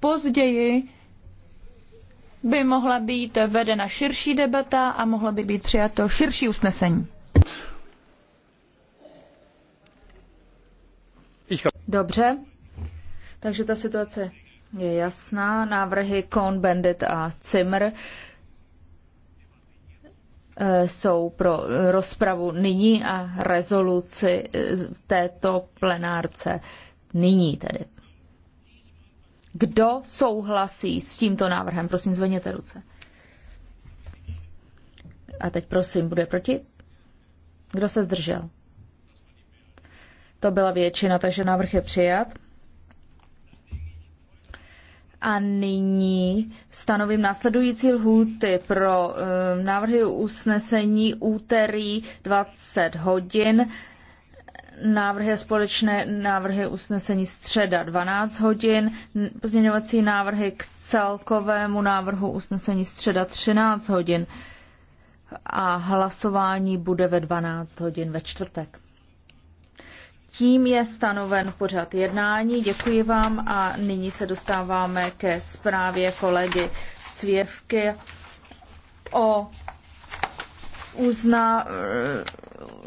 později by mohla být vedena širší debata a mohla by být přijato širší usnesení. Dobře, takže ta situace je jasná. Návrhy Kohn, Bandit a Zimmer eh, jsou pro rozpravu nyní a rezoluci eh, této plenárce nyní tedy. Kdo souhlasí s tímto návrhem? Prosím, zvedněte ruce. A teď prosím, bude proti? Kdo se zdržel? To byla většina, takže návrh je přijat. A nyní stanovím následující lhůty pro e, návrhy usnesení úterý 20 hodin návrhy a společné návrhy usnesení středa 12 hodin, pozměňovací návrhy k celkovému návrhu usnesení středa 13 hodin a hlasování bude ve 12 hodin ve čtvrtek. Tím je stanoven pořad jednání. Děkuji vám a nyní se dostáváme ke zprávě kolegy Cvěvky o uzná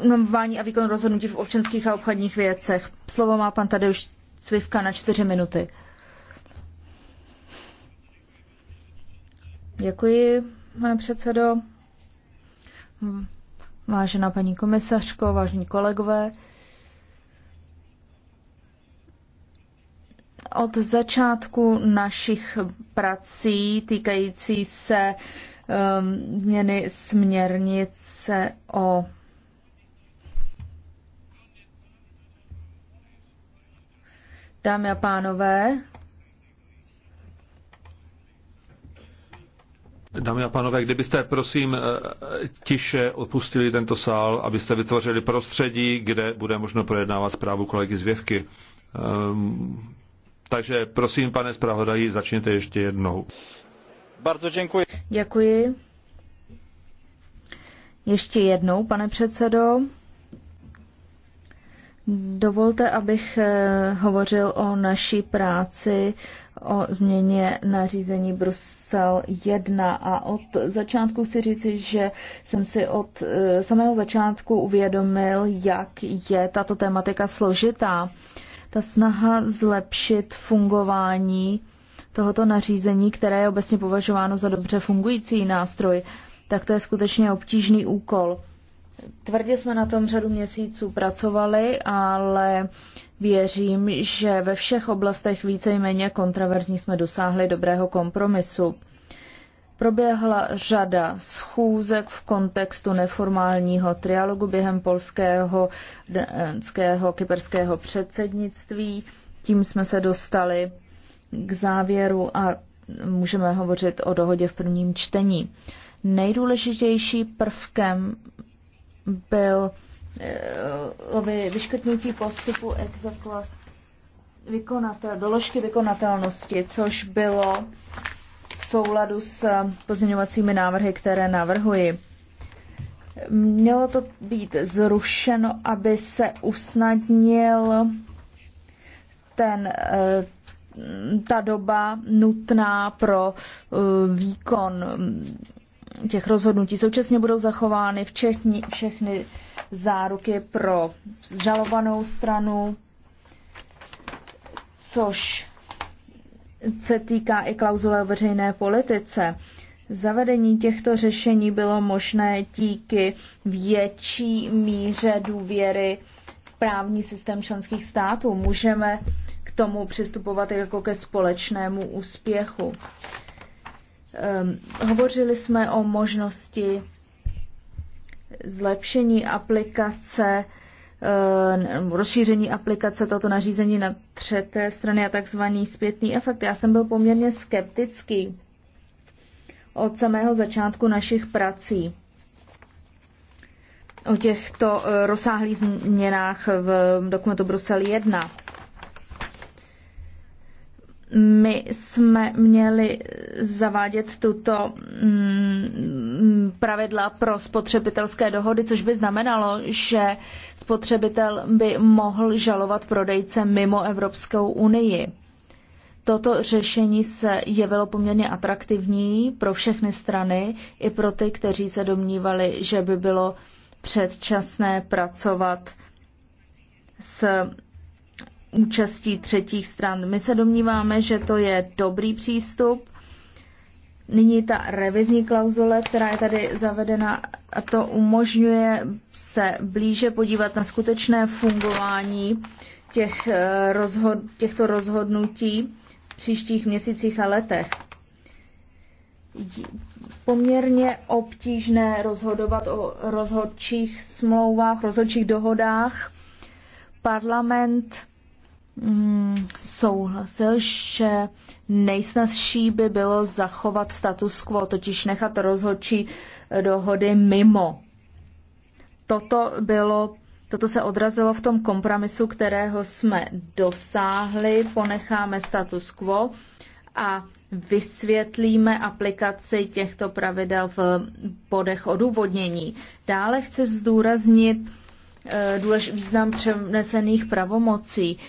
eh, nominování a výkon rozhodnutí v občanských a obchodních věcech. Slovo má pan už Cvivka na čtyři minuty. Děkuji, pane předsedo. Vážená paní komisařko, vážení kolegové, od začátku našich prací týkající se Um, změny směrnice o Dámy a pánové, Dámy a pánové, kdybyste prosím eh, tiše opustili tento sál, abyste vytvořili prostředí, kde bude možno projednávat zprávu kolegy z Zvěvky. Ehm, takže prosím, pane zpravodaji, začněte ještě jednou. Bardzo děkuji. Děkuji. Ještě jednou, pane předsedo. Dovolte, abych eh, hovořil o naší práci, o změně nařízení Brusel 1 a od začátku chci říci, že jsem si od eh, samého začátku uvědomil, jak je tato tematika složitá. Ta snaha zlepšit fungování tohoto nařízení, které je obecně považováno za dobře fungující nástroj, tak to je skutečně obtížný úkol. Tvrdě jsme na tom řadu měsíců pracovali, ale věřím, že ve všech oblastech víceméně kontroverzní jsme dosáhli dobrého kompromisu. Proběhla řada schůzek v kontextu neformálního trialogu během polského, dánského, kyperského předsednictví. Tím jsme se dostali k závěru a můžeme hovořit o dohodě v prvním čtení. Nejdůležitější prvkem byl eh, vyškrtnutí postupu exekla, vykonatel, doložky vykonatelnosti, což bylo v souladu s pozměňovacími návrhy, které navrhuji. Mělo to být zrušeno, aby se usnadnil ten eh, ta doba nutná pro eh, výkon mm, těch rozhodnutí. Současně budou zachovány včetni, všechny záruky pro žalovanou stranu, což se týká i klauzule o veřejné politice. Zavedení těchto řešení bylo možné díky větší míře důvěry právní systém členských států. Můžeme tomu přistupovat jako ke společnému úspěchu. Um, hovořili jsme o možnosti zlepšení aplikace, um, rozšíření aplikace toto nařízení na třeté strany a takzvaný zpětný efekt. Já jsem byl poměrně skeptický od samého začátku našich prací o těchto eh, rozsáhlých změnách v dokumentu Brusel 1 my jsme měli zavádět tuto mm, pravidla pro spotřebitelské dohody, což by znamenalo, že spotřebitel by mohl žalovat prodejce mimo Evropskou unii. Toto řešení se jevilo poměrně atraktivní pro všechny strany, i pro ty, kteří se domnívali, že by bylo předčasné pracovat s účastí třetích stran. My se domníváme, že to je dobrý přístup. Nyní ta revizní klauzule, která je tady zavedena, a to umožňuje se blíže podívat na skutečné fungování těch eh, rozhod- těchto rozhodnutí v příštích měsících a letech. Poměrně obtížné rozhodovat o rozhodčích smlouvách, rozhodčích dohodách. Parlament Mm, souhlasil, že nejsnazší by bylo zachovat status quo, totiž nechat rozhodčí eh, dohody mimo. Toto, bylo, toto se odrazilo v tom kompromisu, kterého jsme dosáhli, ponecháme status quo a vysvětlíme aplikaci těchto pravidel v bodech odůvodnění. Dále chci zdůraznit eh, význam přenesených pravomocí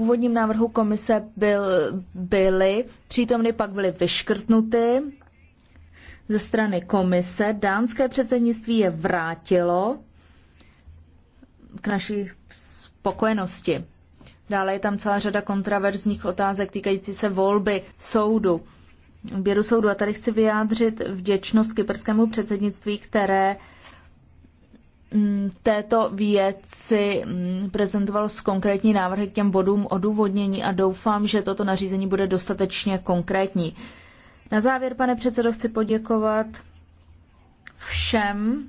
původním návrhu komise byl, byly přítomny, pak byly vyškrtnuty ze strany komise. Dánské předsednictví je vrátilo k naší spokojenosti. Dále je tam celá řada kontraverzních otázek týkající se volby soudu. Běru soudu a tady chci vyjádřit vděčnost kyperskému předsednictví, které Mm, této věci mm, prezentoval s konkrétní návrhy k těm bodům odůvodnění a doufám, že toto nařízení bude dostatečně konkrétní. Na závěr, pane předsedo, chci poděkovat všem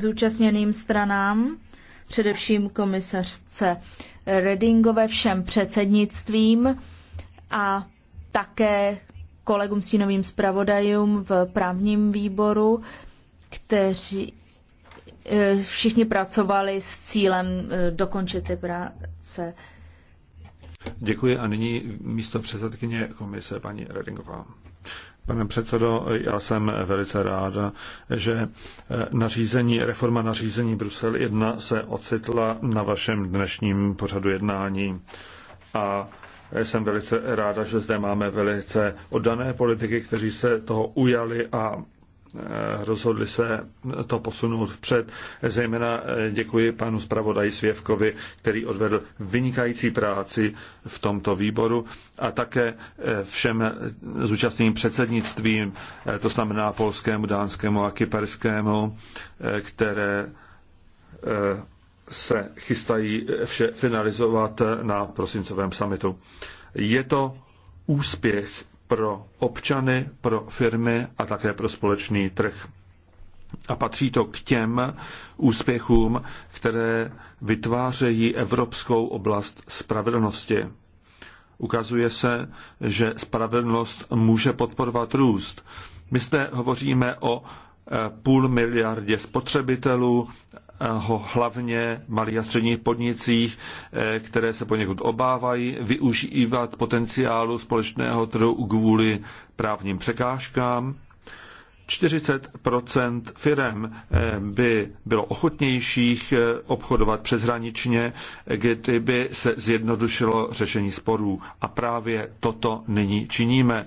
zúčastněným stranám, především komisařce Redingové, všem předsednictvím a také kolegům stínovým zpravodajům v právním výboru, kteří E, všichni pracovali s cílem e, dokončit ty práce. Děkuji a nyní místo předsedkyně komise paní Redingová. Pane předsedo, já jsem velice ráda, že e, nařízení, reforma nařízení Brusel 1 se ocitla na vašem dnešním pořadu jednání. A jsem velice ráda, že zde máme velice oddané politiky, kteří se toho ujali a Eh, rozhodli se to posunout vpřed. Zejména eh, děkuji panu zpravodaji Svěvkovi, který odvedl vynikající práci v tomto výboru a také eh, všem zúčastněným předsednictvím, to znamená polskému, dánskému a kyperskému, které se chystají vše finalizovat na prosincovém summitu. Je to úspěch pro občany, pro firmy a také pro společný trh. A patří to k těm úspěchům, které vytvářejí evropskou oblast spravedlnosti. Ukazuje se, že spravedlnost může podporovat růst. My zde hovoříme o eh, půl miliardě spotřebitelů, ho hlavně malých a středních podnicích, eh, které se poněkud obávají využívat potenciálu společného trhu kvůli právním překážkám. 40 firem eh, by bylo ochotnějších eh, obchodovat přeshraničně, kdyby se zjednodušilo řešení sporů. A právě toto nyní činíme.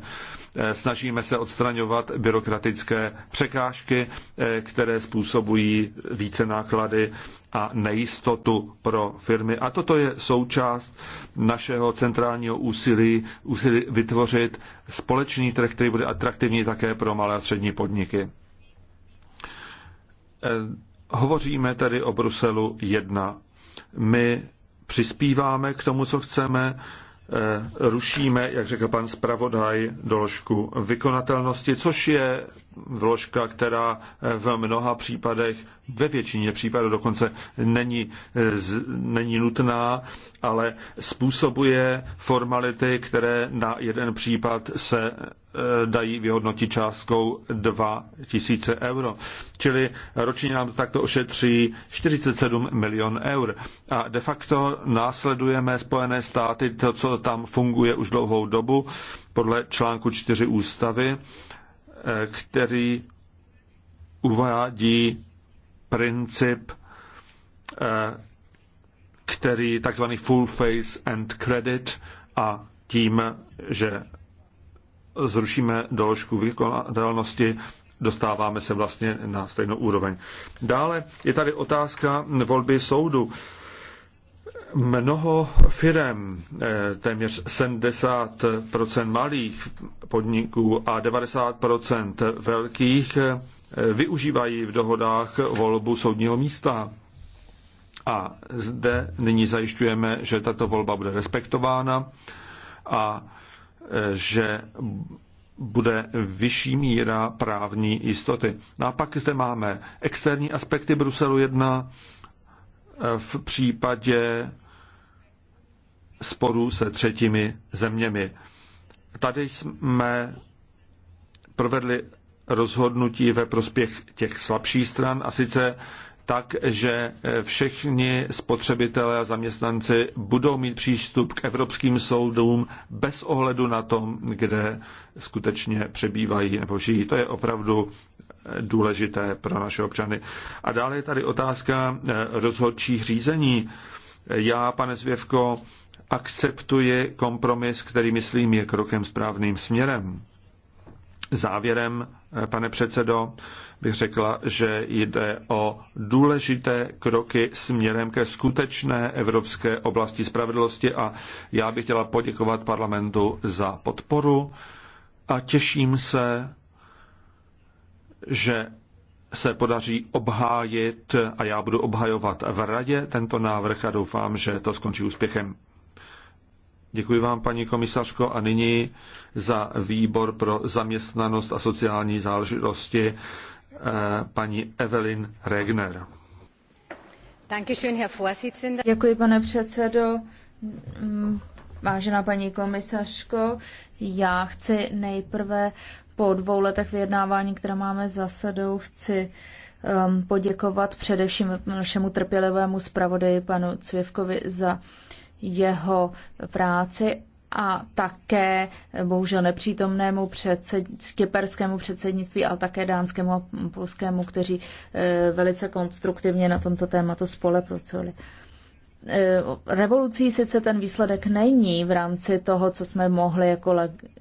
Eh, snažíme se odstraňovat byrokratické překážky, eh, které způsobují více náklady a nejistotu pro firmy. A toto je součást našeho centrálního úsilí, úsilí vytvořit společný trh, který bude atraktivní také pro malé a střední podniky. Eh, hovoříme tedy o Bruselu 1. My přispíváme k tomu, co chceme, Eh, rušíme, jak řekl pan zpravodaj, doložku vykonatelnosti, což je vložka, která eh, v mnoha případech, ve většině případů dokonce není, eh, není nutná, ale způsobuje formality, které na jeden případ se eh, dají vyhodnotit částkou 2000 euro. Čili ročně nám to takto ošetří 47 milion eur. A de facto následujeme Spojené státy, to, co tam funguje už dlouhou dobu, podle článku 4 ústavy Eh, který uvádí princip, eh, který takzvaný full face and credit a tím, že zrušíme doložku vykonatelnosti, dostáváme se vlastně na stejnou úroveň. Dále je tady otázka volby soudu. Mnoho firm, eh, téměř 70% malých podniků a 90% velkých, eh, využívají v dohodách volbu soudního místa. A zde nyní zajišťujeme, že tato volba bude respektována a eh, že bude vyšší míra právní jistoty. No a pak zde máme externí aspekty Bruselu 1, v případě sporů se třetími zeměmi. Tady jsme provedli rozhodnutí ve prospěch těch slabších stran a sice tak, že všichni spotřebitelé a zaměstnanci budou mít přístup k evropským soudům bez ohledu na tom, kde skutečně přebývají nebo žijí. To je opravdu důležité pro naše občany. A dále je tady otázka eh, rozhodčích řízení. Já, pane Zvěvko, akceptuji kompromis, který myslím je krokem správným směrem. Závěrem, eh, pane předsedo, bych řekla, že jde o důležité kroky směrem ke skutečné evropské oblasti spravedlnosti a já bych chtěla poděkovat parlamentu za podporu a těším se že se podaří obhájit a já budu obhajovat v radě tento návrh a doufám, že to skončí úspěchem. Děkuji vám, paní komisařko, a nyní za výbor pro zaměstnanost a sociální záležitosti eh, paní Evelyn Regner. Děkuji, pane předsedo. Mm, Vážená paní komisařko, já chci nejprve po dvou letech vyjednávání, které máme za sedou, chci um, poděkovat především našemu trpělivému zpravodaji panu Cvěvkovi za jeho práci a také bohužel nepřítomnému předsed, kyperskému předsednictví, ale také dánskému a polskému, kteří e, velice konstruktivně na tomto tématu spolupracovali. Eh, revolucí sice ten výsledek není v rámci toho, co jsme mohli jako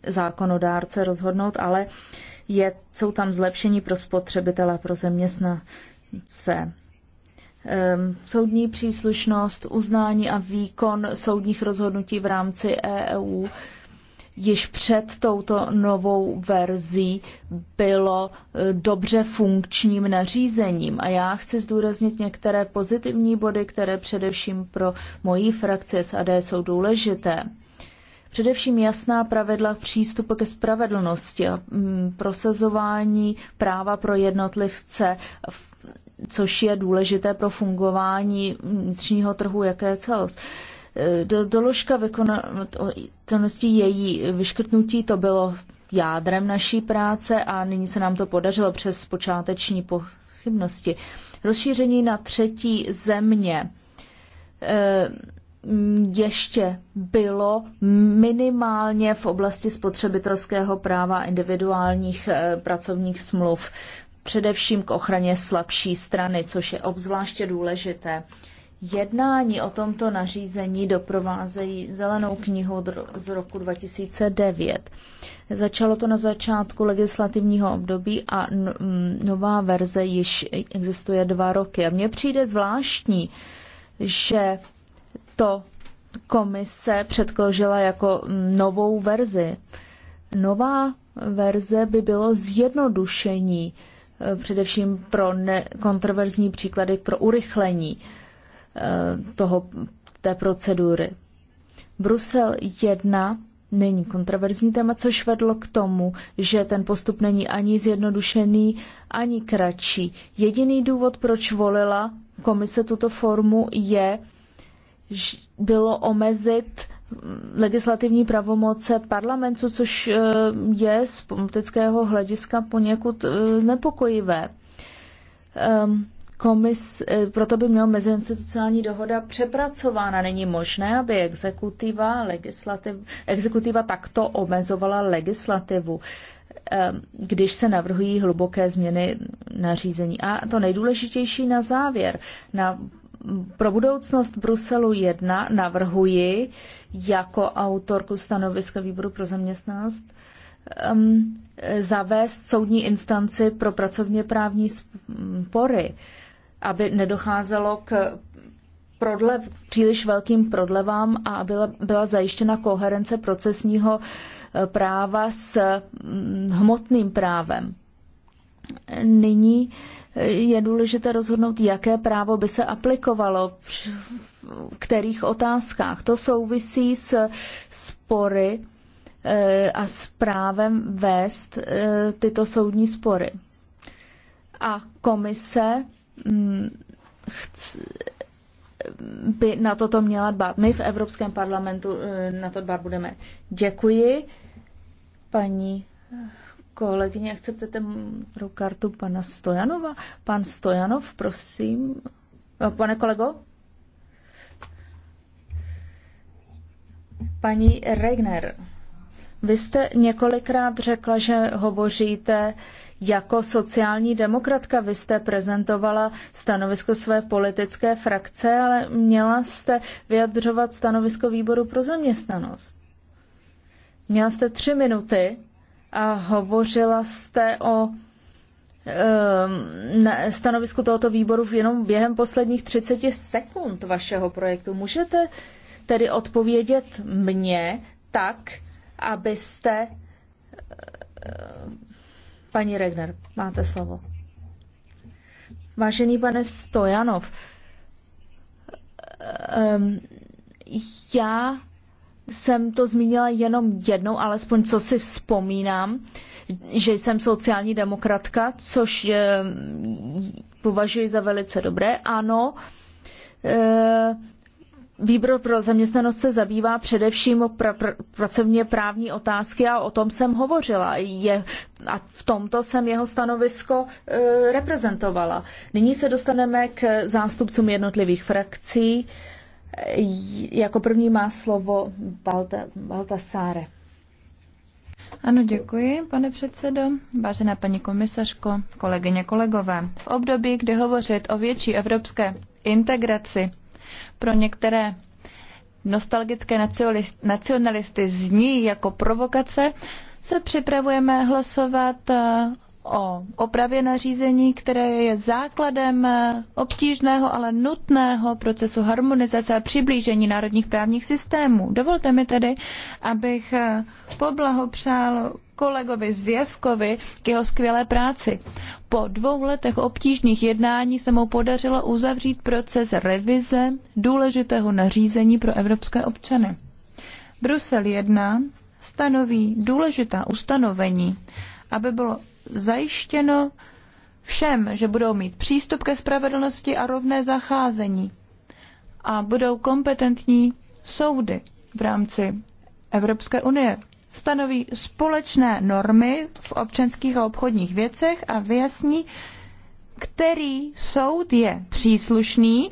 zákonodárce rozhodnout, ale je, jsou tam zlepšení pro spotřebitele, pro zeměstnance. Ehm, soudní příslušnost, uznání a výkon soudních rozhodnutí v rámci EU již před touto novou verzí bylo eh, dobře funkčním nařízením. A já chci zdůraznit některé pozitivní body, které především pro moji frakci SAD jsou důležité. Především jasná pravidla přístupu ke spravedlnosti a mm, prosazování práva pro jednotlivce což je důležité pro fungování mm, vnitřního trhu, jaké je celost. Eh, do, doložka vykonatelnosti její vyškrtnutí to bylo jádrem naší práce a nyní se nám to podařilo přes počáteční pochybnosti. Rozšíření na třetí země eh, ještě bylo minimálně v oblasti spotřebitelského práva individuálních eh, pracovních smluv, především k ochraně slabší strany, což je obzvláště důležité. Jednání o tomto nařízení doprovázejí zelenou knihu z roku 2009. Začalo to na začátku legislativního období a nová verze již existuje dva roky. A mně přijde zvláštní, že to komise předložila jako novou verzi. Nová verze by bylo zjednodušení, e, především pro nekontroverzní příklady, pro urychlení. Eh, toho, té procedury. Brusel 1 není kontroverzní téma, což vedlo k tomu, že ten postup není ani zjednodušený, ani kratší. Jediný důvod, proč volila komise tuto formu, je, že bylo omezit mm, legislativní pravomoce parlamentu, což eh, je z politického hlediska poněkud eh, nepokojivé. Um, ehm, komis, eh, proto by měla meziinstitucionální dohoda přepracována. Není možné, aby exekutiva, legislativ, exekutiva takto omezovala legislativu eh, když se navrhují hluboké změny nařízení. A to nejdůležitější na závěr. Na, pro budoucnost Bruselu 1 navrhuji jako autorku stanoviska výboru pro zaměstnanost um, zavést soudní instanci pro pracovně právní spory. Uh, aby nedocházelo k prodlev, příliš velkým prodlevám a byla, byla zajištěna koherence procesního eh, práva s mm, hmotným právem. Nyní eh, je důležité rozhodnout, jaké právo by se aplikovalo, v kterých otázkách. To souvisí s spory eh, a s právem vést tyto soudní spory. A komise Mm, by na toto měla dbát. My v Evropském parlamentu eh, na to dbát budeme. Děkuji. Paní eh, kolegyně, Chcete ten kartu pana Stojanova? Pan Stojanov, prosím. Eh, pane kolego? Paní Regner, vy jste několikrát řekla, že hovoříte uh, jako sociální demokratka vy jste prezentovala stanovisko své politické frakce, ale měla jste vyjadřovat stanovisko výboru pro zaměstnanost. Měla jste tři minuty a hovořila jste o ehm, stanovisku tohoto výboru jenom během posledních 30 sekund vašeho projektu. Můžete tedy odpovědět mně tak, abyste Paní Regner, máte slovo. Vážený pane Stojanov, um, já jsem to zmínila jenom jednou, alespoň co si vzpomínám, že jsem sociální demokratka, což je, ehm, považuji za velice dobré. Ano, ehm, Výbor pro zaměstnanost se zabývá především pra- pr- pracovně právní otázky a o tom jsem hovořila. Je, a v tomto jsem jeho stanovisko e, reprezentovala. Nyní se dostaneme k zástupcům jednotlivých frakcí. Jako první má slovo Balta, Baltasáre. Ano, děkuji, pane předsedo. Vážená paní komisařko, kolegyně, kolegové. V období, kdy hovořit o větší evropské integraci pro některé nostalgické nacionalisty zní jako provokace, se připravujeme hlasovat eh, o opravě nařízení, které je základem eh, obtížného, ale nutného procesu harmonizace a přiblížení národních právních systémů. Dovolte mi tedy, abych eh, poblahopřál kolegovi Zvěvkovi k jeho skvělé práci. Po dvou letech obtížných jednání se mu podařilo uzavřít proces revize důležitého nařízení pro evropské občany. Brusel 1 stanoví důležitá ustanovení, aby bylo zajištěno všem, že budou mít přístup ke spravedlnosti a rovné zacházení a budou kompetentní soudy v rámci Evropské unie stanoví společné normy v občanských a obchodních věcech a vyjasní, který soud je příslušný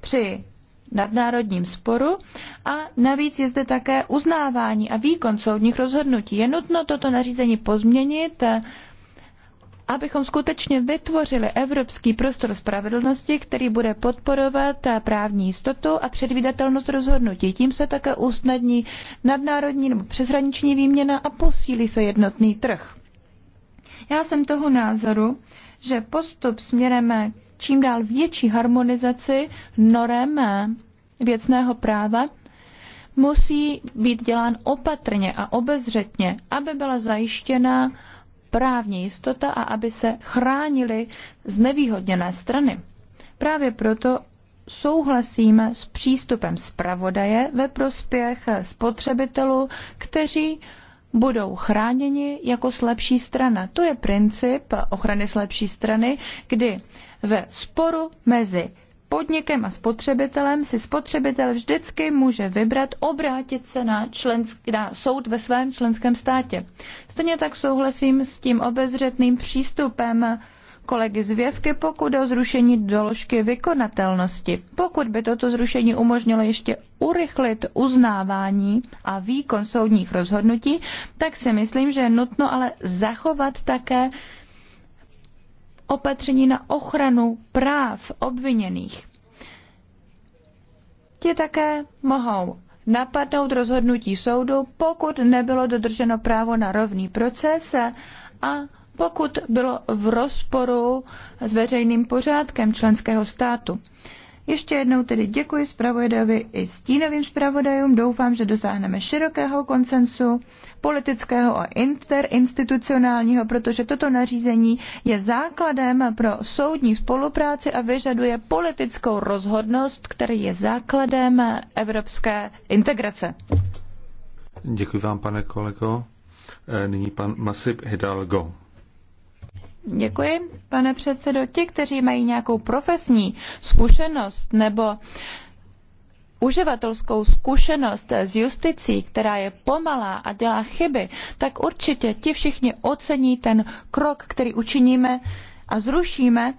při nadnárodním sporu a navíc je zde také uznávání a výkon soudních rozhodnutí. Je nutno toto nařízení pozměnit abychom skutečně vytvořili evropský prostor spravedlnosti, který bude podporovat právní jistotu a předvídatelnost rozhodnutí. Tím se také usnadní nadnárodní nebo přeshraniční výměna a posílí se jednotný trh. Já jsem toho názoru, že postup směrem čím dál větší harmonizaci norem věcného práva musí být dělán opatrně a obezřetně, aby byla zajištěna právní jistota a aby se z znevýhodněné strany. Právě proto souhlasíme s přístupem zpravodaje ve prospěch spotřebitelů, kteří budou chráněni jako slabší strana. To je princip ochrany slabší strany, kdy ve sporu mezi podnikem a spotřebitelem si spotřebitel vždycky může vybrat obrátit se na, člensk, na soud ve svém členském státě. Stejně tak souhlasím s tím obezřetným přístupem kolegy z Věvky, pokud o zrušení doložky vykonatelnosti. Pokud by toto zrušení umožnilo ještě urychlit uznávání a výkon soudních rozhodnutí, tak si myslím, že je nutno ale zachovat také opatření na ochranu práv obviněných. Ti také mohou napadnout rozhodnutí soudu, pokud nebylo dodrženo právo na rovný proces a pokud bylo v rozporu s veřejným pořádkem členského státu. Ještě jednou tedy děkuji zpravodajovi i stínovým zpravodajům. Doufám, že dosáhneme širokého konsensu politického a interinstitucionálního, protože toto nařízení je základem pro soudní spolupráci a vyžaduje politickou rozhodnost, který je základem evropské integrace. Děkuji vám, pane kolego. E, nyní pan Masip Hidalgo. Děkuji, pane předsedo. Ti, kteří mají nějakou profesní zkušenost nebo uživatelskou zkušenost s justicí, která je pomalá a dělá chyby, tak určitě ti všichni ocení ten krok, který učiníme a zrušíme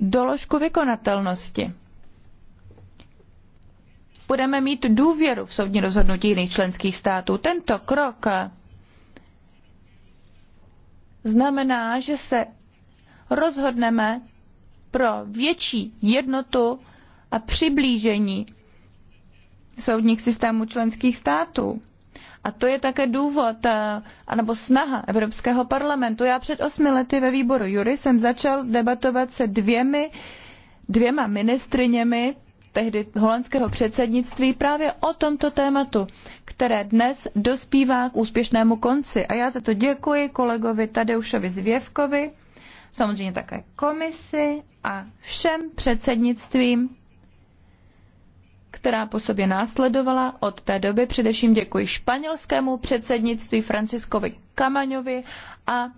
doložku vykonatelnosti. Budeme mít důvěru v soudní rozhodnutí jiných členských států. Tento krok znamená, že se rozhodneme pro větší jednotu a přiblížení soudních systémů členských států. A to je také důvod, eh, anebo snaha Evropského parlamentu. Já před osmi lety ve výboru Jury jsem začal debatovat se dvěmi, dvěma ministriněmi tehdy holandského předsednictví právě o tomto tématu, které dnes dospívá k úspěšnému konci. A já za to děkuji kolegovi Tadeušovi Zvěvkovi, samozřejmě také komisi a všem předsednictvím, která po sobě následovala. Od té doby především děkuji španělskému předsednictví Franciskovi Kamaňovi a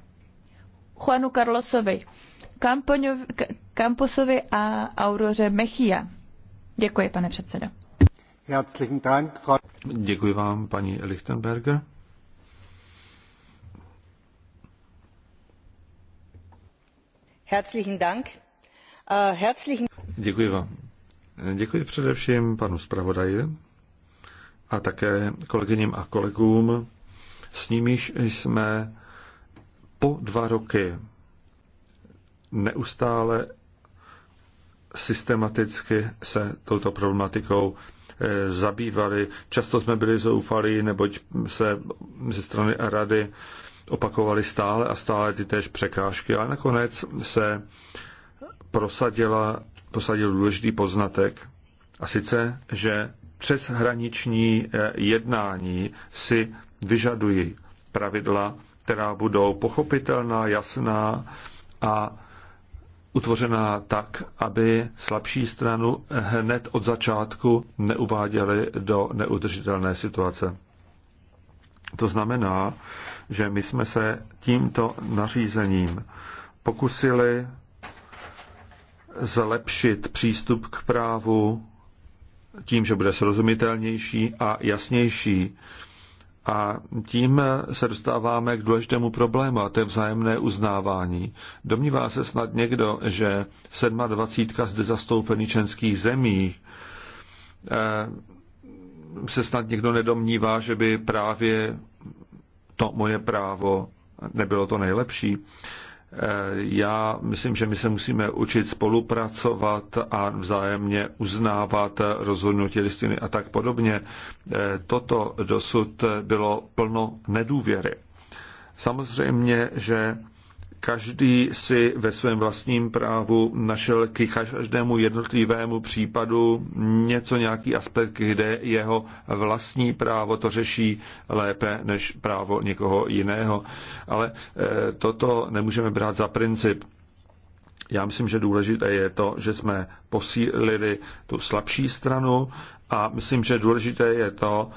Juanu Carlosovi Camposovi a Auroře Mechia. Děkuji, pane předsedo. Děkuji vám, paní Lichtenberger. Herzlichen Dank. Äh, herzlichen... Děkuji vám. Děkuji především panu zpravodaji a také kolegyním a kolegům, s nimiž jsme po dva roky neustále systematicky se touto problematikou eh, zabývali. Často jsme byli zoufalí, neboť se ze strany rady opakovali stále a stále ty též překážky, ale nakonec se prosadila, prosadil důležitý poznatek, a sice, že přeshraniční eh, jednání si vyžadují pravidla, která budou pochopitelná, jasná a utvořená tak, aby slabší stranu hned od začátku neuváděli do neudržitelné situace. To znamená, že my jsme se tímto nařízením pokusili zlepšit přístup k právu tím, že bude srozumitelnější a jasnější. A tím se dostáváme k důležitému problému, a to je vzájemné uznávání. Domnívá se snad někdo, že 27 zde zastoupený členských zemí eh, se snad někdo nedomnívá, že by právě to moje právo nebylo to nejlepší. Eh, já myslím, že my se musíme učit spolupracovat a vzájemně uznávat rozhodnutí listiny a tak podobně. Eh, toto dosud bylo plno nedůvěry. Samozřejmě, že každý si ve svém vlastním právu našel k každému jednotlivému případu něco, nějaký aspekt, kde jeho vlastní právo to řeší lépe než právo někoho jiného. Ale e, toto nemůžeme brát za princip. Já myslím, že důležité je to, že jsme posílili tu slabší stranu a myslím, že důležité je to,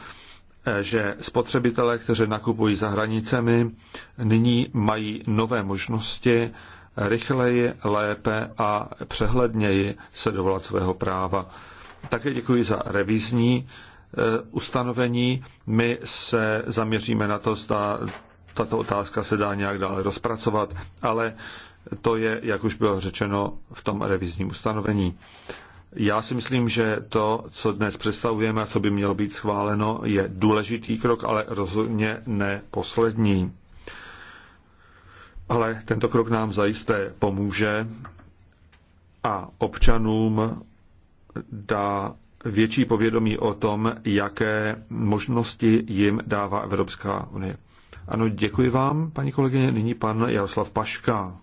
že spotřebitelé, kteří nakupují za hranicemi, nyní mají nové možnosti rychleji, lépe a přehledněji se dovolat svého práva. Také děkuji za revizní eh, ustanovení. My se zaměříme na to, zda tato otázka se dá nějak dále rozpracovat, ale to je, jak už bylo řečeno, v tom revizním ustanovení. Já si myslím, že to, co dnes představujeme a co by mělo být schváleno, je důležitý krok, ale rozhodně ne poslední. Ale tento krok nám zajisté pomůže a občanům dá větší povědomí o tom, jaké možnosti jim dává Evropská unie. Ano, děkuji vám, paní kolegyně. Nyní pan Jaroslav Paška.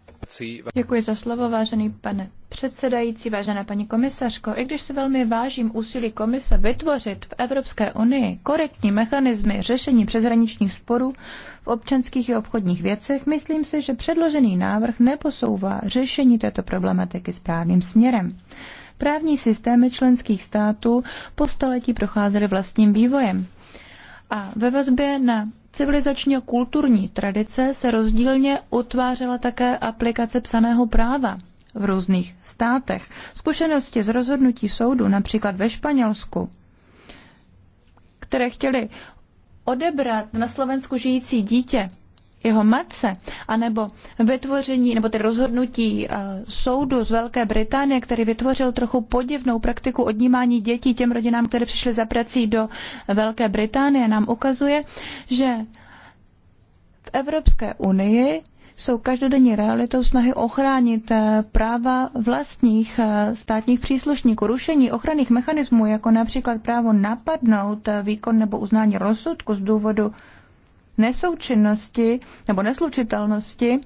Děkuji za slovo, vážený pane předsedající, vážená paní komisařko. I když si velmi vážím úsilí komise vytvořit v Evropské unii korektní mechanismy řešení přeshraničních sporů v občanských i obchodních věcech, myslím si, že předložený návrh neposouvá řešení této problematiky správným směrem. Právní systémy členských států po staletí procházely vlastním vývojem. A ve vazbě na civilizačně kulturní tradice se rozdílně utvářela také aplikace psaného práva v různých státech. Zkušenosti z rozhodnutí soudu, například ve Španělsku, které chtěli odebrat na Slovensku žijící dítě jeho matce, anebo vytvoření, nebo ty rozhodnutí eh, soudu z Velké Británie, který vytvořil trochu podivnou praktiku odnímání dětí těm rodinám, které přišly za prací do Velké Británie, nám ukazuje, že v Evropské unii jsou každodenní realitou snahy ochránit eh, práva vlastních eh, státních příslušníků. Rušení ochranných mechanismů, jako například právo napadnout výkon nebo uznání rozsudku z důvodu nesoučinnosti nebo neslučitelnosti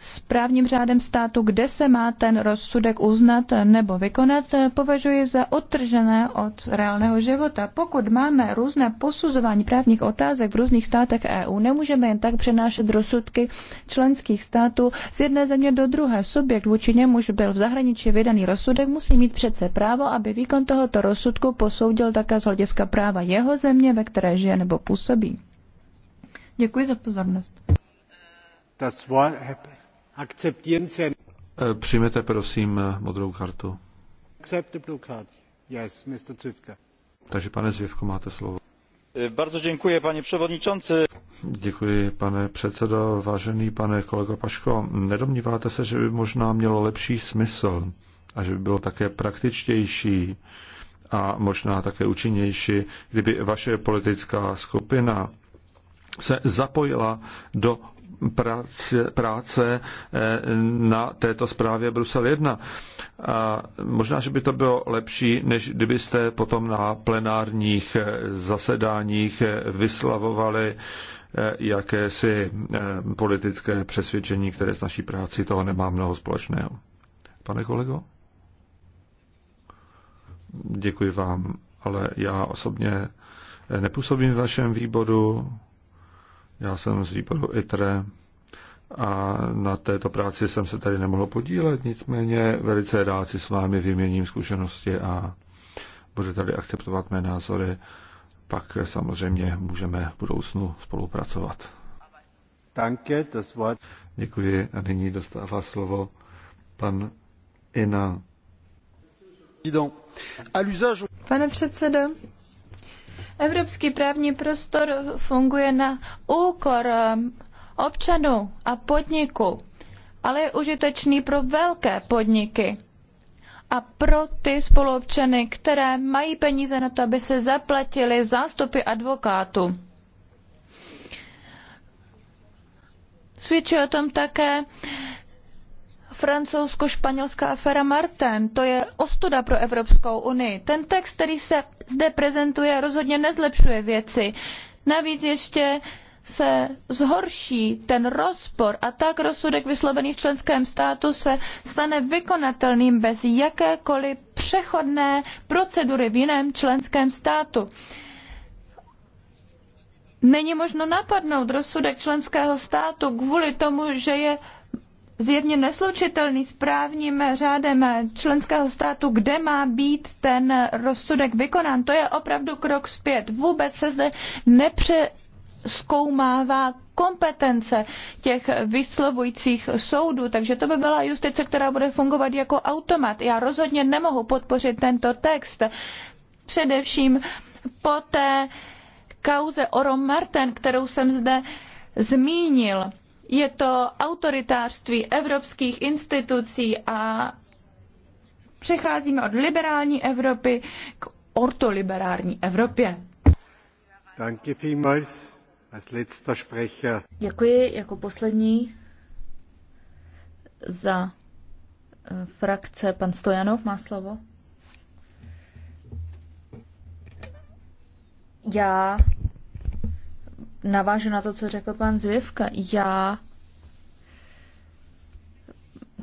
s právním řádem státu, kde se má ten rozsudek uznat nebo vykonat, považuji za odtržené od reálného života. Pokud máme různé posuzování právních otázek v různých státech EU, nemůžeme jen tak přenášet rozsudky členských států z jedné země do druhé. Subjekt, vůči němuž byl v zahraničí vydaný rozsudek, musí mít přece právo, aby výkon tohoto rozsudku posoudil také z hlediska práva jeho země, ve které žije nebo působí. Děkuji za pozornost. Eh, Přijmete prosím modrou kartu. Yes, Mr. Takže pane Zvěvko, máte slovo. Eh, bardzo dziękuję, panie przewodniczący. Děkuji, pane předsedo. Vážený pane kolego Paško, nedomníváte se, že by možná mělo lepší smysl a že by bylo také praktičtější a možná také účinnější, kdyby vaše politická skupina se zapojila do práce, práce eh, na této zprávě Brusel 1. A možná, že by to bylo lepší, než kdybyste potom na plenárních eh, zasedáních eh, vyslavovali jakési politické přesvědčení, které s naší práci toho nemá mnoho společného. Pane kolego? Děkuji vám, ale já osobně nepůsobím v vašem výboru, já jsem z výboru ITRE a na této práci jsem se tady nemohl podílet, nicméně velice rád si s vámi vyměním zkušenosti a bude tady akceptovat mé názory, pak samozřejmě můžeme v budoucnu spolupracovat. Danke, das Wort. Děkuji a nyní dostává slovo pan Ina. Pane předsedo, Evropský právní prostor funguje na úkor um, občanů a podniků, ale je užitečný pro velké podniky a pro ty spoluobčany, které mají peníze na to, aby se zaplatili zástupy advokátů. Svědčí o tom také francouzsko-španělská aféra Martin. To je ostuda pro Evropskou unii. Ten text, který se zde prezentuje, rozhodně nezlepšuje věci. Navíc ještě se zhorší ten rozpor a tak rozsudek vyslovený v členském státu se stane vykonatelným bez jakékoliv přechodné procedury v jiném členském státu. Není možno napadnout rozsudek členského státu kvůli tomu, že je zjevně neslučitelný s právním řádem členského státu, kde má být ten rozsudek vykonán. To je opravdu krok zpět. Vůbec se zde nepře zkoumává kompetence těch vyslovujících soudů. Takže to by byla justice, která bude fungovat jako automat. Já rozhodně nemohu podpořit tento text. Především po té kauze Oro Marten, kterou jsem zde zmínil. Je to autoritářství evropských institucí a přecházíme od liberální Evropy k ortoliberální Evropě. Danke vielmals. Als letzter Sprecher. Děkuji jako poslední za eh, frakce. Pan Stojanov má slovo. Já navážu na to, co řekl pan Zvěvka. Já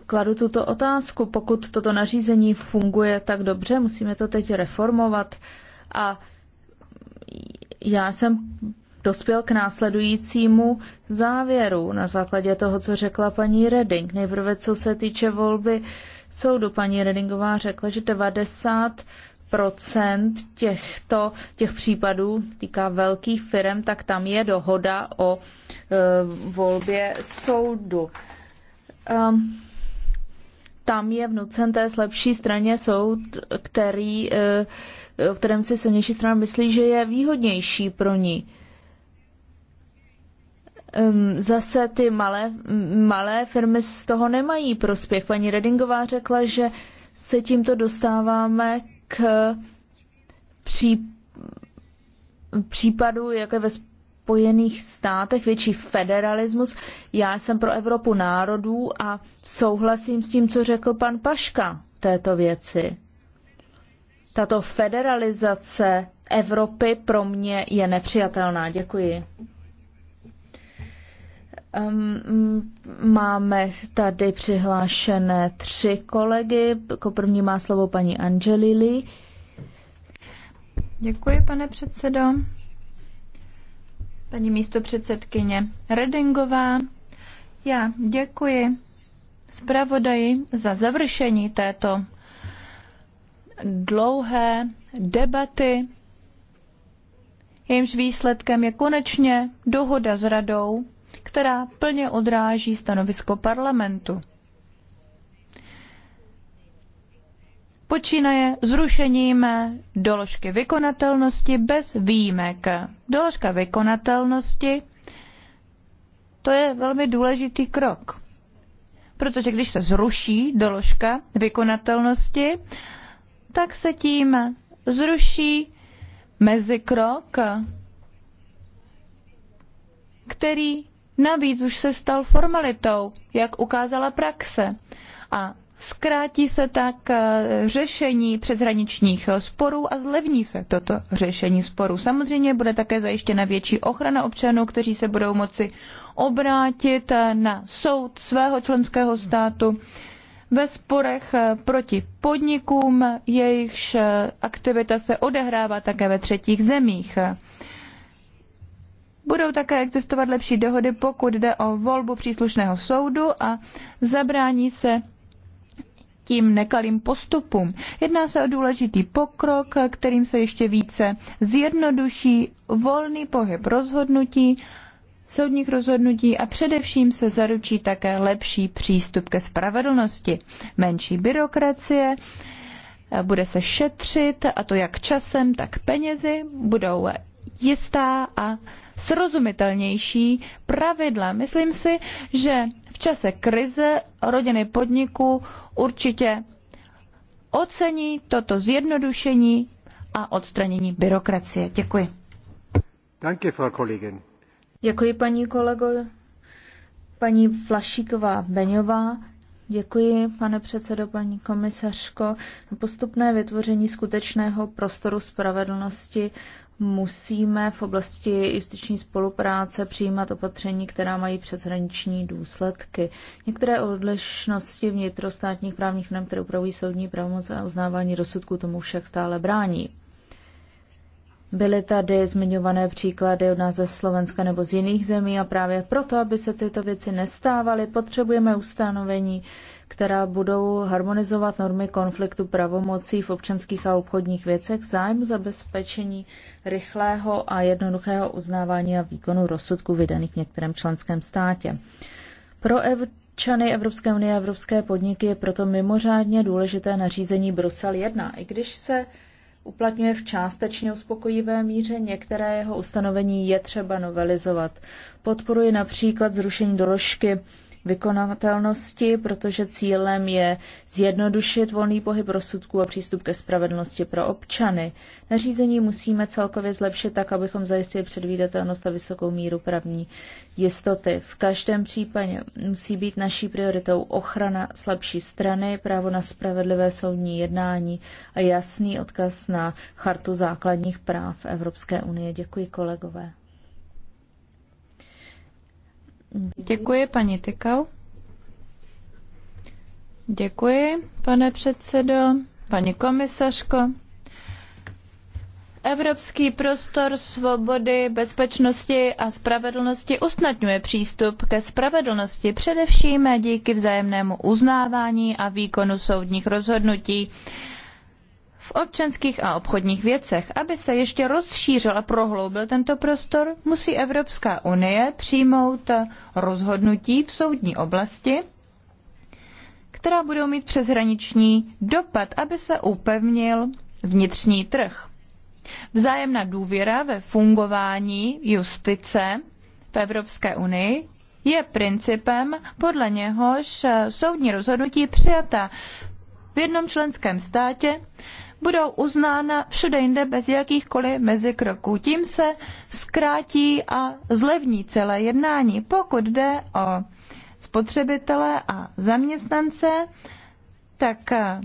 kladu tuto otázku. Pokud toto nařízení funguje tak dobře, musíme to teď reformovat. A já jsem dospěl k následujícímu závěru na základě toho, co řekla paní Reding. Nejprve, co se týče volby soudu, paní Redingová řekla, že 90 Procent těchto těch případů týká velkých firm, tak tam je dohoda o e, volbě soudu. Um, tam je vnucen té slabší straně soud, který, e, e, o kterém si silnější strana myslí, že je výhodnější pro ní. Ehm, zase ty malé, malé firmy z toho nemají prospěch. Paní Redingová řekla, že se tímto dostáváme k pří, případu, jako je ve Spojených státech, větší federalismus. Já jsem pro Evropu národů a souhlasím s tím, co řekl pan Paška této věci. Tato federalizace Evropy pro mě je nepřijatelná. Děkuji. Um, máme tady přihlášené tři kolegy. Jako první má slovo paní Angelili. Děkuji, pane předsedo. Paní místo předsedkyně Redingová, já děkuji zpravodaji za završení této dlouhé debaty, jejímž výsledkem je konečně dohoda s radou která plně odráží stanovisko parlamentu. počínaje zrušením doložky vykonatelnosti bez výjimek. Doložka vykonatelnosti to je velmi důležitý krok, protože když se zruší doložka vykonatelnosti, tak se tím zruší mezikrok, který Navíc už se stal formalitou, jak ukázala praxe. A zkrátí se tak eh, řešení přeshraničních eh, sporů a zlevní se toto řešení sporů. Samozřejmě bude také zajištěna větší ochrana občanů, kteří se budou moci obrátit eh, na soud svého členského státu ve sporech proti podnikům, jejichž aktivita se odehrává také ve třetích zemích. Budou také existovat lepší dohody, pokud jde o volbu příslušného soudu a zabrání se tím nekalým postupům. Jedná se o důležitý pokrok, kterým se ještě více zjednoduší volný pohyb rozhodnutí, soudních rozhodnutí a především se zaručí také lepší přístup ke spravedlnosti, menší byrokracie, eh, bude se šetřit, a to jak časem, tak penězi, budou jistá a srozumitelnější pravidla. Myslím si, že v čase krize rodiny podniků určitě ocení toto zjednodušení a odstranění byrokracie. Děkuji. Danke, Frau Kollegin. Děkuji, paní kolego. Paní Flašíková Beňová, Děkuji, pane předsedo, paní komisařko. Postupné vytvoření skutečného prostoru spravedlnosti musíme v oblasti justiční spolupráce přijímat opatření, která mají přeshraniční důsledky. Některé odlišnosti vnitrostátních právních norm, které upravují soudní pravomoc a uznávání rozsudků, tomu však stále brání. Byly tady zmiňované příklady od nás ze Slovenska nebo z jiných zemí a právě proto, aby se tyto věci nestávaly, potřebujeme ustanovení, která budou harmonizovat normy konfliktu pravomocí v občanských a obchodních věcech v zájmu zabezpečení rychlého a jednoduchého uznávání a výkonu rozsudku vydaných v některém členském státě. Pro občany Evropské unie a evropské podniky je proto mimořádně důležité nařízení Brusel 1, i když se uplatňuje v částečně uspokojivé míře, některé jeho ustanovení je třeba novelizovat. Podporuji například zrušení doložky vykonatelnosti, protože cílem je zjednodušit volný pohyb rozsudků a přístup ke spravedlnosti pro občany. Nařízení musíme celkově zlepšit tak, abychom zajistili předvídatelnost a vysokou míru právní jistoty. V každém případě musí být naší prioritou ochrana slabší strany, právo na spravedlivé soudní jednání a jasný odkaz na chartu základních práv Evropské unie. Děkuji kolegové. Děkuji, paní Tykal. Děkuji, pane předsedo, paní komisařko. Evropský prostor svobody, bezpečnosti a spravedlnosti usnadňuje přístup ke spravedlnosti především díky vzájemnému uznávání a výkonu soudních rozhodnutí v občanských a obchodních věcech. Aby se ještě rozšířil a prohloubil tento prostor, musí Evropská unie přijmout rozhodnutí v soudní oblasti, která budou mít přeshraniční dopad, aby se upevnil vnitřní trh. Vzájemná důvěra ve fungování justice v Evropské unii je principem, podle něhož soudní rozhodnutí přijata v jednom členském státě budou uznána všude jinde bez jakýchkoliv mezikroků. Tím se zkrátí a zlevní celé jednání. Pokud jde o spotřebitele a zaměstnance, tak eh,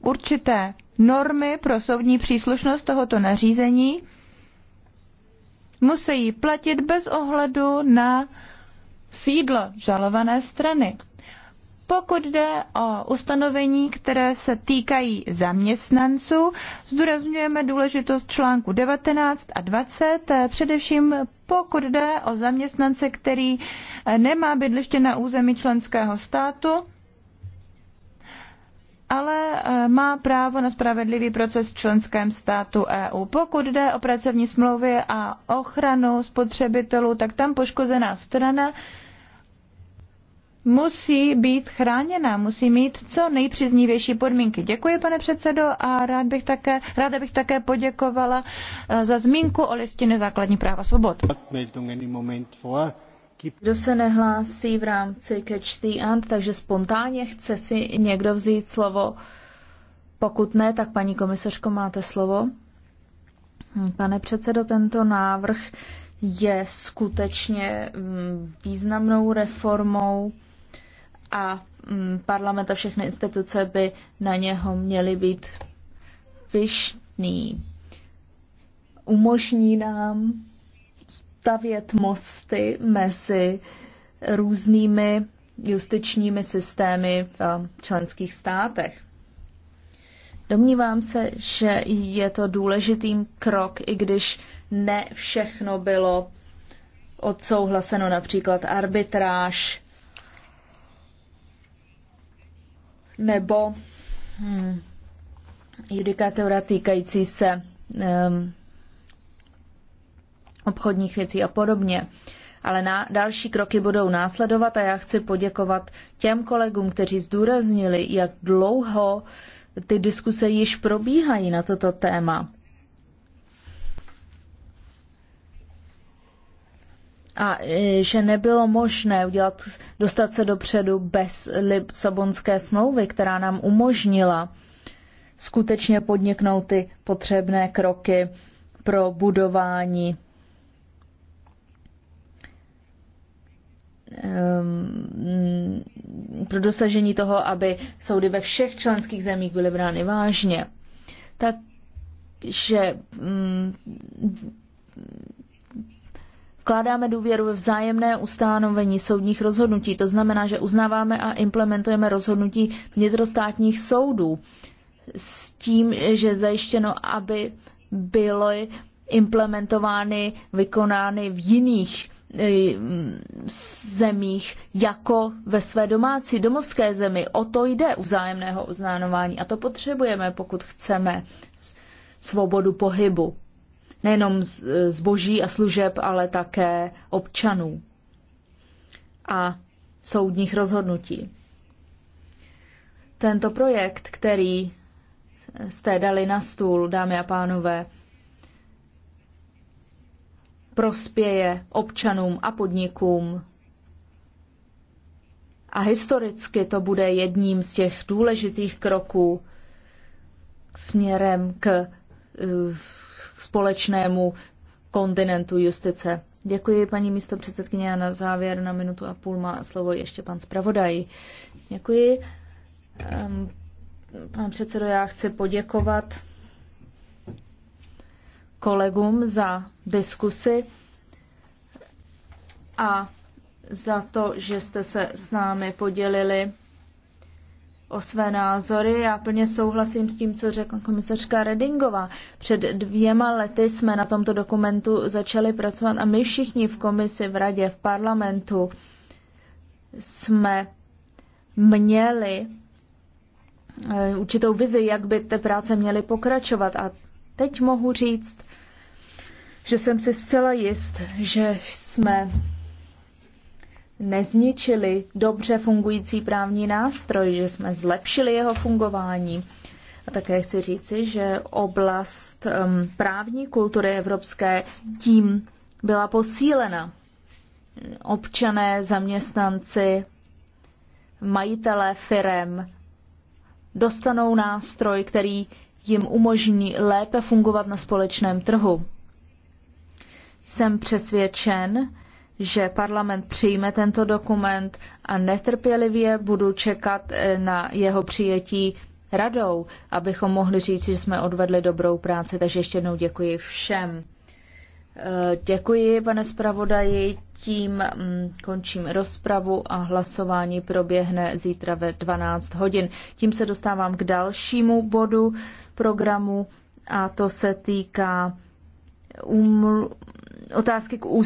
určité normy pro soudní příslušnost tohoto nařízení musí platit bez ohledu na sídlo žalované strany. Pokud jde o ustanovení, které se týkají zaměstnanců, zdůrazňujeme důležitost článku 19 a 20, eh, především pokud jde o zaměstnance, který eh, nemá bydliště na území členského státu, ale eh, má právo na spravedlivý proces v členském státu EU. Pokud jde o pracovní smlouvy a ochranu spotřebitelů, tak tam poškozená strana musí být chráněna, musí mít co nejpříznivější podmínky. Děkuji, pane předsedo, a rád bych také, ráda bych také poděkovala eh, za zmínku o listině základní práva svobod. Kdo se nehlásí v rámci Catch the Ant, takže spontánně chce si někdo vzít slovo. Pokud ne, tak paní komisařko, máte slovo. Hm, pane předsedo, tento návrh je skutečně hm, významnou reformou a mm, parlament a všechny instituce by na něho měly být pyšný. Umožní nám stavět mosty mezi různými justičními systémy v členských státech. Domnívám se, že je to důležitým krok, i když ne všechno bylo odsouhlaseno, například arbitráž nebo hmm, judikatura týkající se um, obchodních věcí a podobně. Ale na, další kroky budou následovat a já chci poděkovat těm kolegům, kteří zdůraznili, jak dlouho ty diskuse již probíhají na toto téma. a e, že nebylo možné udělat, dostat se dopředu bez Lisabonské smlouvy, která nám umožnila skutečně podniknout ty potřebné kroky pro budování ehm, pro dosažení toho, aby soudy ve všech členských zemích byly brány vážně. Takže mm, vkládáme důvěru ve vzájemné ustanovení soudních rozhodnutí. To znamená, že uznáváme a implementujeme rozhodnutí vnitrostátních soudů s tím, že zajištěno, aby byly implementovány, vykonány v jiných eh, zemích jako ve své domácí domovské zemi. O to jde u vzájemného uznánování a to potřebujeme, pokud chceme svobodu pohybu nejenom zboží a služeb, ale také občanů a soudních rozhodnutí. Tento projekt, který jste dali na stůl, dámy a pánové, prospěje občanům a podnikům. A historicky to bude jedním z těch důležitých kroků směrem k eh, společnému kontinentu justice. Děkuji, paní místo předsedkyně, a na závěr na minutu a půl má slovo ještě pan zpravodaj. Děkuji. Ehm, pane předsedo, já chci poděkovat kolegům za diskusy a za to, že jste se s námi podělili o své názory. Já plně souhlasím s tím, co řekla komisařka Redingová. Před dvěma lety jsme na tomto dokumentu začali pracovat a my všichni v komisi, v radě, v parlamentu jsme měli eh, určitou vizi, jak by ty práce měly pokračovat. A teď mohu říct, že jsem si zcela jist, že jsme nezničili dobře fungující právní nástroj, že jsme zlepšili jeho fungování. A také chci říci, že oblast um, právní kultury evropské tím byla posílena. Občané, zaměstnanci, majitelé firem dostanou nástroj, který jim umožní lépe fungovat na společném trhu. Jsem přesvědčen, že parlament přijme tento dokument a netrpělivě budu čekat eh, na jeho přijetí radou, abychom mohli říct, že jsme odvedli dobrou práci. Takže ještě jednou děkuji všem. Eh, děkuji, pane zpravodaji. Tím mm, končím rozpravu a hlasování proběhne zítra ve 12 hodin. Tím se dostávám k dalšímu bodu programu a to se týká uml- otázky k